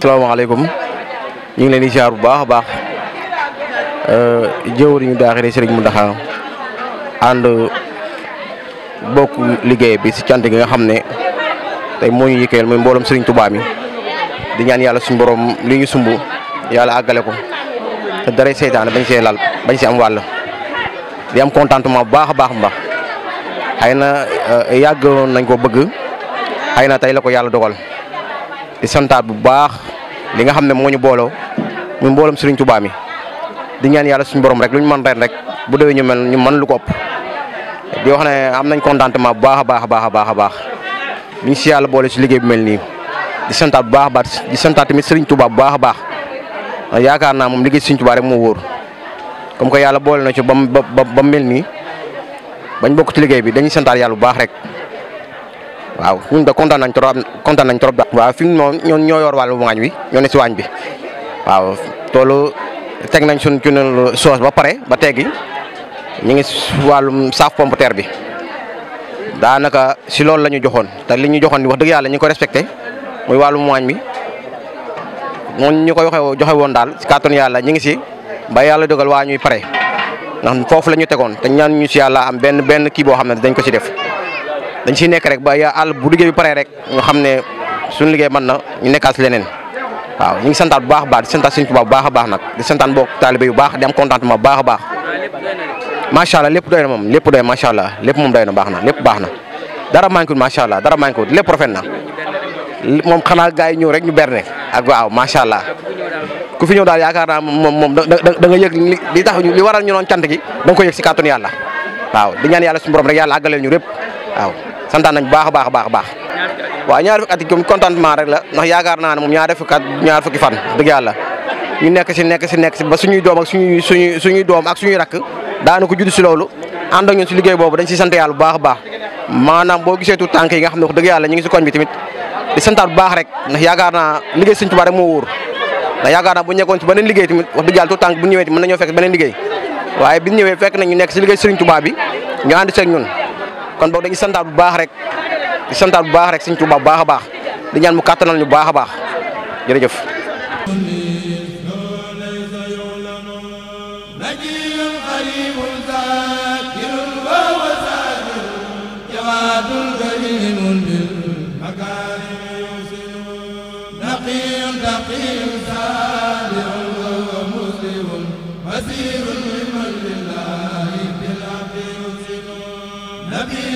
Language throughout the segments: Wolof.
salaamaaleykum ñu ngi leen di ziar bu baax a baax euh, jëwriñu daaxiri mu Muntaxa ànd bokk liggéey bi si cant gi nga xam ne te moo ñu yëkkeel muy mbooloom Sëriñ Tuubaa mi di ñaan yàlla suñu borom li ñu sumb yàlla àggale ko te daray seytaane bañ see lal bañ see am wàll di am contentement bu baax a baax mbax xëy na euh, yàggoon nañ ko bëgg xëy na tey la ko yàlla dogal di santaat bu baax li nga xam ne moo ñu booloo ñu mbooloom Serigne Touba mi di ñaan yàlla suñu borom rek lu ñu mën ren rek bu déwee ñu mel ñu mën lu ko di wax na am nañ contentement bu baax a baax a baax a baax a baax liñ si yàlla boole si liggéey bu mel nii di santaat bu baax a baax di santaat tamit Serigne Touba bu baax a baax yaakaar naa moom liggéey Serigne Touba rek moo wóor comme que yàlla boole na ci ba ba ba mel nii bañ bokk ci liggéey bi dañuy santaat yàlla bu baax rek. waaw ñun de kontaan nañ trop kontaan nañ trop waaw fi mu moom ñoo ñoo yor wàllu waañ wi ñoo ne si waañ bi waaw toolu teg nañ suñ cunul soos ba pare ba teggi ñu ngi wàllum saaf pompe terre bi daanaka si loolu la ñu joxoon te li ñu joxoon wax dëgg yàlla ñu ko respecté muy wàllum waañ bi moom ñu koy waxee joxe woon daal si kàttanu yàlla ñu ngi si ba yàlla dogal waa ñuy pare ndax foofu la ñu tegoon te ñaan ñu si yàlla am benn benn kii boo xam ne dañ ko si def. dañ siy nekk rek ba ya àll bu liggéey bi paree rek ñu xam ne suñu liggéey man na ñu nekkaat si leneen waaw ñu ngi santaat bu baax baax di santaat suñu tubaab bu baax a baax nag di santaat mbokk taalibe yu baax di am contentement bu baax a baax macha allah lépp doy na moom lépp doy macha allah lépp moom doy na baax na lépp baax na dara manqué wul macha allah dara manqué lépp rafet na moom xanaa gars yi ñëw rek ñu berne ak waaw macha allah ku fi ñëw daal yaakaar naa moom moom da da nga yëg li tax waral ñu doon cant gi da nga ko yëg si kàttanu yàlla waaw ñaan yàlla suñu borom rek yàlla àggaleel ñu rëpp waaw santaan nañ baax baax a baax a baax waaw ñaar fukki at yi contentement rek la ndax yaakaar naa ne moom ñaar fukki at ñaar fukki fan dëgg yàlla ñu nekk si nekk si nekk si ba suñuy doom ak suñuy suñuy suñuy doom ak suñuy rakk daana ko judd si loolu ànd ak ñun si liggéey boobu dañ sant yàlla bu baax a boo gisee tuut yi nga xam ne wax dëgg yàlla ñu ngi si koñ bi tamit di santaat bu baax rek ndax yaakaar naa liggéey Sëñ Tuubaa rek moo wóor ndax yaakaar naa bu ñekkoon si beneen liggéey tamit wax dëgg yàlla tuut tànk liggéey waaye bi ñëwee fekk nañ ñu nekk si liggéey Sëñ Tuubaa bi ñu ànd seeg ñun kon boog dañuy santaat bu baax rek di santaat bu baax rek Sëñ Tuubaa bu baax a baax di ñaan mu kàttanal ñu bu baax a baax jërëjëf. نقي تقي صالح ومسلم مسير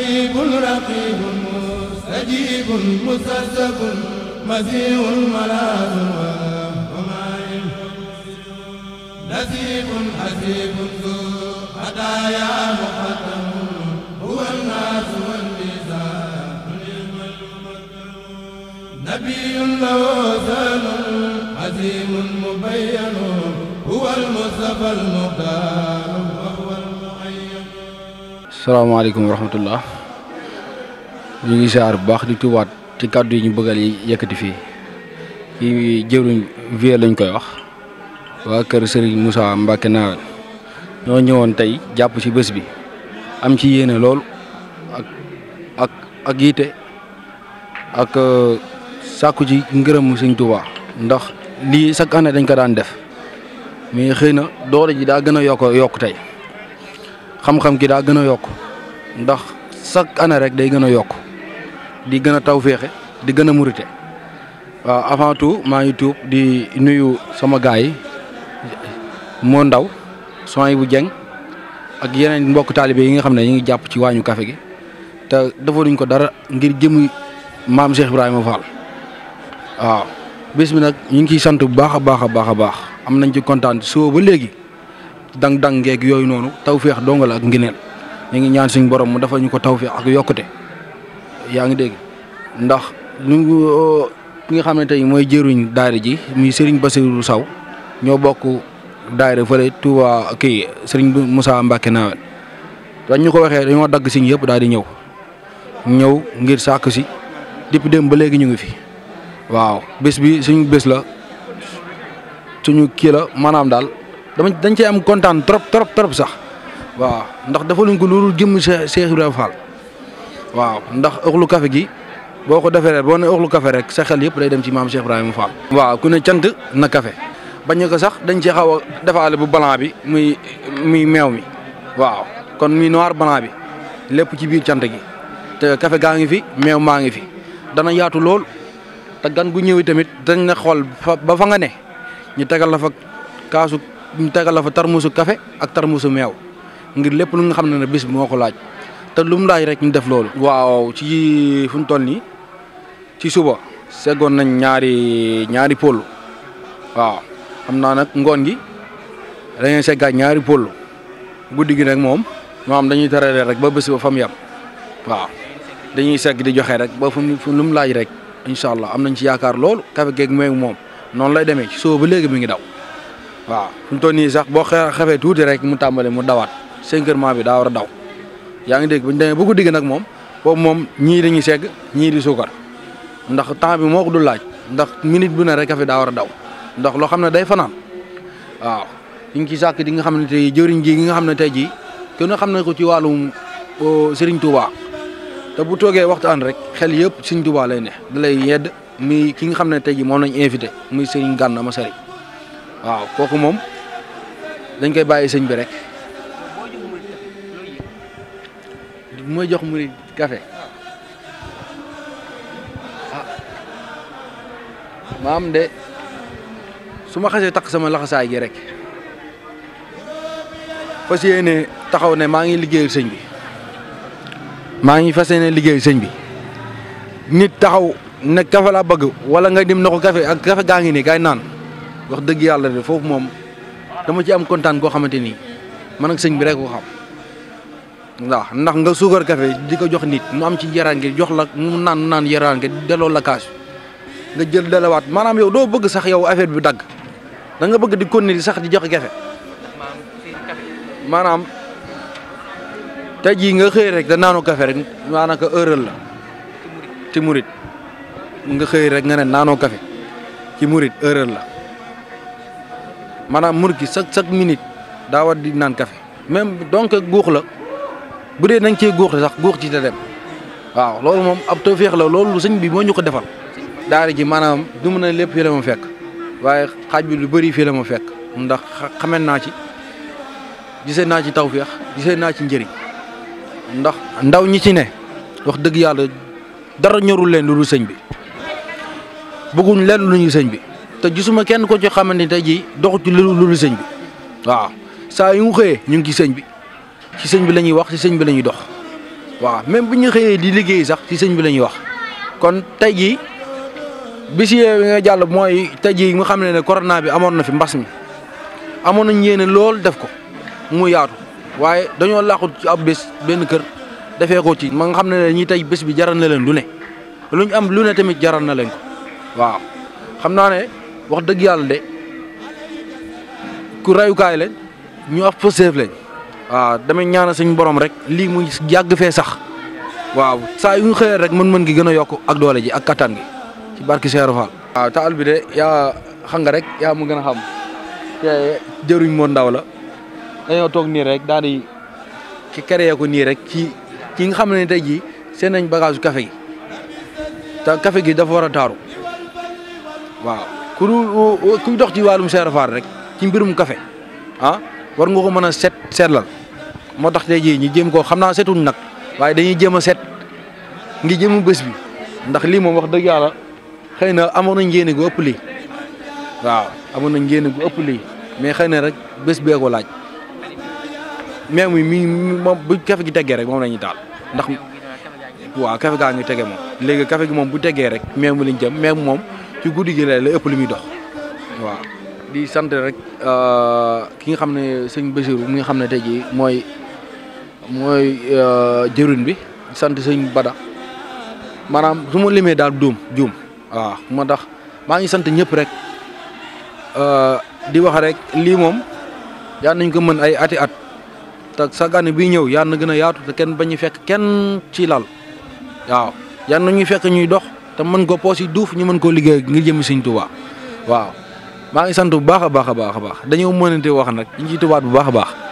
رقيب رقيب مستجيب مسرسب مزيع ملاذ ومائل نسيب حسيب ذو هدايا مقدم هو الناس والميزان نبي له زان عزيم مبين هو المصطفى المختار salaamaaleykum wa rahmatullah ñu ngi saar bu baax di tubaat ci kàddu yi ñu bëggal yi yëkkati fii kii jëruñ vie lañ koy wax waa kër sëriñ Moussa Mbacke Nawel ñoo ñëwoon tey jàpp ci bés bi am ci yéene lool ak ak ak yitte ak euh, sàkku ci ngërëm Sëñ Tuubaa ndax lii chaque année dañ ko daan def mais xëy na doole ji daa gën a yokk yokk tey xam-xam gi daa gën a yokk ndax chaque année rek day gën a yokk di gën a taw féexe di gën a murite waaw avant tout maa ngi tuub di nuyu sama gaay yi moo ndaw soy bu jeng ak yeneen mbokk taalibe yi nga xam ne ñu ngi jàpp ci waañu kafe gi te defaluñ ko dara ngir jëmu maam Cheikh Ibrahima Fall waaw bés bi nag ñu ngi kiy sant bu baax a baax a baax a baax am nañ ci kontaan soo ba léegi dang-dang ngeeg yooyu noonu tawféex dong la ak ngeneel ñu ngi ñaan suñ borom mu dafa ñu ko tawféex ak yokkute yaa ngi dégg ndax ñu uh, ki nga xam ne tey mooy jëruñ daara ji muy sëriñ Bassirou Sow ñoo bokk daara fële Touba kii Serigne Moussa Mbacke Nawel dañ ñu ko waxee dañoo dagg siñ yëpp daal di ñëw ñëw ngir sàkk si depuis dem ba léegi ñu ngi fi waaw bés bi suñu bés la suñu kii la maanaam daal. dama dañ cee am kontaan trop trop trop sax waaw ndax defaluñ ko loolu jëmm Cheikh Ibrahima Fall waaw ndax ëxlu kafe gi boo ko defee rek boo ne ëxlu kafe rek sa xel yëpp day dem ci maam Cheikh Ibrahima Fall. waaw ku ne cant na café bañ ko sax dañ cee xaw a defaale bu blanc bi muy muy meew mi waaw kon muy noir blanc bi lépp ci biir cant gi te kafe gaa ngi fi meew maa ngi fi dana yaatu lool te gan gu ñëwee tamit dañ ne xool ba fa nga ne ñu tegal la fa kaasu ñu tegal fa tarmusu café ak tarmusu meew ngir lépp lu nga xam ne ne bis bi moo ko laaj te lu mu laaj rek ñu def loolu. waaw ci fu mu toll nii ci suba seggoon nañ ñaari ñaari pôle waaw xam naa nag ngoon gi dañuy seggaat ñaari pôle guddi gi nag moom moo am dañuy terale rek ba bés ba fa mu waaw dañuy segg di joxe rek ba fu lu mu laaj rek incha allah am nañ ci yaakaar loolu café geeg moom noonu lay demee ci suba ba léegi mi ngi daw. waaw mu toll nii sax boo xafee tuuti rek mu tàmbali mu dawaat sincèrement bi daa war a daw yaa ngi dégg bu ñu demee bu ko digg nag moom boobu moom ñii dañuy segg ñii di suukar ndax temps bi moo ko dul laaj ndax minute bu ne rek kafe daa war a daw ndax loo xam ne day fanaan waaw ñu ngi ci sàkk di nga xam ne tey jëriñ gi nga xam ne tey jii kenn xam ne ko ci wàllum Serigne Touba te bu toogee waxtaan rek xel yëpp Serigne Touba lay ne da lay yedd ki nga xam ne tey jii moom lañ invité muy Serigne Gana Massary waaw kooku moom dañ koy bàyyi sëñ bi rek mooy jox murid kafe ah maam de su ma xasee takk sama laxasaay gi rek fas yéene taxaw ne maa ngi liggéey sëñ bi maa ngi fas yéene liggéey sëñ bi nit taxaw ne kafe laa bëgg wala nga dim na ko kafe ak kafe gaa ngi nii kay naan wax dëgg yàlla de foofu moom dama ci am kontaan goo xamante ni man ak sëñ bi rek ko xam waaw ndax nga suukar kafe di ko jox nit mu am ci yaraange jox la mu naan naan yaraange delloo la kaas nga jël delawaat maanaam yow doo bëgg sax yow affaire bi dagg da nga bëgg di continuer sax di joxe café maanaam te jii nga xëy rek da naanu café rek maanaam heurel la ci murit nga xëy rek nga ne naanoo café ci murit heurel la maanaam mur ki chaque chaque minute daa war di naan café même donc guux la bu dee da nga cee guux sax guux ci te dem waaw loolu moom ab tawféex la loolu sëñ bi moo ñu ko defal daara ji maanaam du mën lépp fii la ma fekk waaye xaaj bi lu bari fii la ma fekk ndax xamee naa ci gisee naa ci tawféex gisee naa ci njëriñ ndax ndaw ñi ci ne wax dëgg yàlla dara ñorul leen lu dul sëñ bi bëgguñ leen lu ñu sëñ bi te gisuma kenn ko ci xamante ni tey jii doxu ci lu lu sëñ bi waaw saa yu mu xëyee ñu ngi ci sëñ bi ci sëñ bi la ñuy wax ci sëñ bi lañuy dox waaw même bu ñu xëyee di liggéey sax ci sëñ bi lañuy wax kon tey jii bis bi nga jàll mooy tey jii nga xam ne ne corona bi amoon na fi mbas mi amoon nañ yéene lool def ko mu yaatu waaye dañoo làqut ci ab bés benn kër defee ko ci ma nga xam ne ne ñi tey bés bi jaral na leen lu ne lu ñu am lu ne tamit jaral na leen ko waaw wax dëgg yàlla de ku rayukaay lañ ñu af pëseef lañ waaw damay ñaanal suñu borom rek lii mu yàgg fee sax waaw saa yu ñu xëyee rek mën-mën gi gën a yokk ak doole ji ak kattan gi ci barki Seeru Faal waaw taal bi de yaa xam nga rek yaa mu gën a xam te jëruñ moo ndaw la dañoo toog nii rek daal di ci créé nii rek ci ki nga xam ne tey jii seen nañ bagage café gi te café gi dafa war a taaru waaw ku dul dox ci wàllum Cheikh Fall rek ci mbirum café ah, war nga ko mën a set seetlal moo tax tey jii ñu jéem koo xam naa setuñ nag waaye dañuy jéem a set ngi jëm bés bi ndax lii moom wax dëgg yàlla xëy na amoon nañ yéene gu ëpp lii waaw amoon nañ yéene gu ëpp lii mais xëy na rek bés bee ko laaj mais muy mi moom bu café gi teggee rek moom na ñuy daal ndax waaw café gaa ngi tege moom léegi kafe gi moom bu teggee rek meemu liñ jëm meemu moom ci guddi gi la la ëpp li dox waaw di sant rek euh, ki nga xam ne sëñ Bachirou mi nga xam ne tey jii mooy mooy euh, jëruñ bi sant sëñ Bada maanaam su ma limee daal duum juum waaw moo tax maa ngi sant ñëpp rek euh, di wax rek lii moom yaan nañ ko mën ay ati at te sa gane bi ñëw yaan na gën a yaatu te kenn ba ñu fekk kenn ci lal waaw yaan nañu fekk ñuy dox te mën ko poos yi duuf ñu mën koo liggéey ngir jëmi Sëñ Tuubaa waaw maa ngi sant bu baax a baax a baax a baax dañoo mënante wax nag ñu tubaat bu baax a baax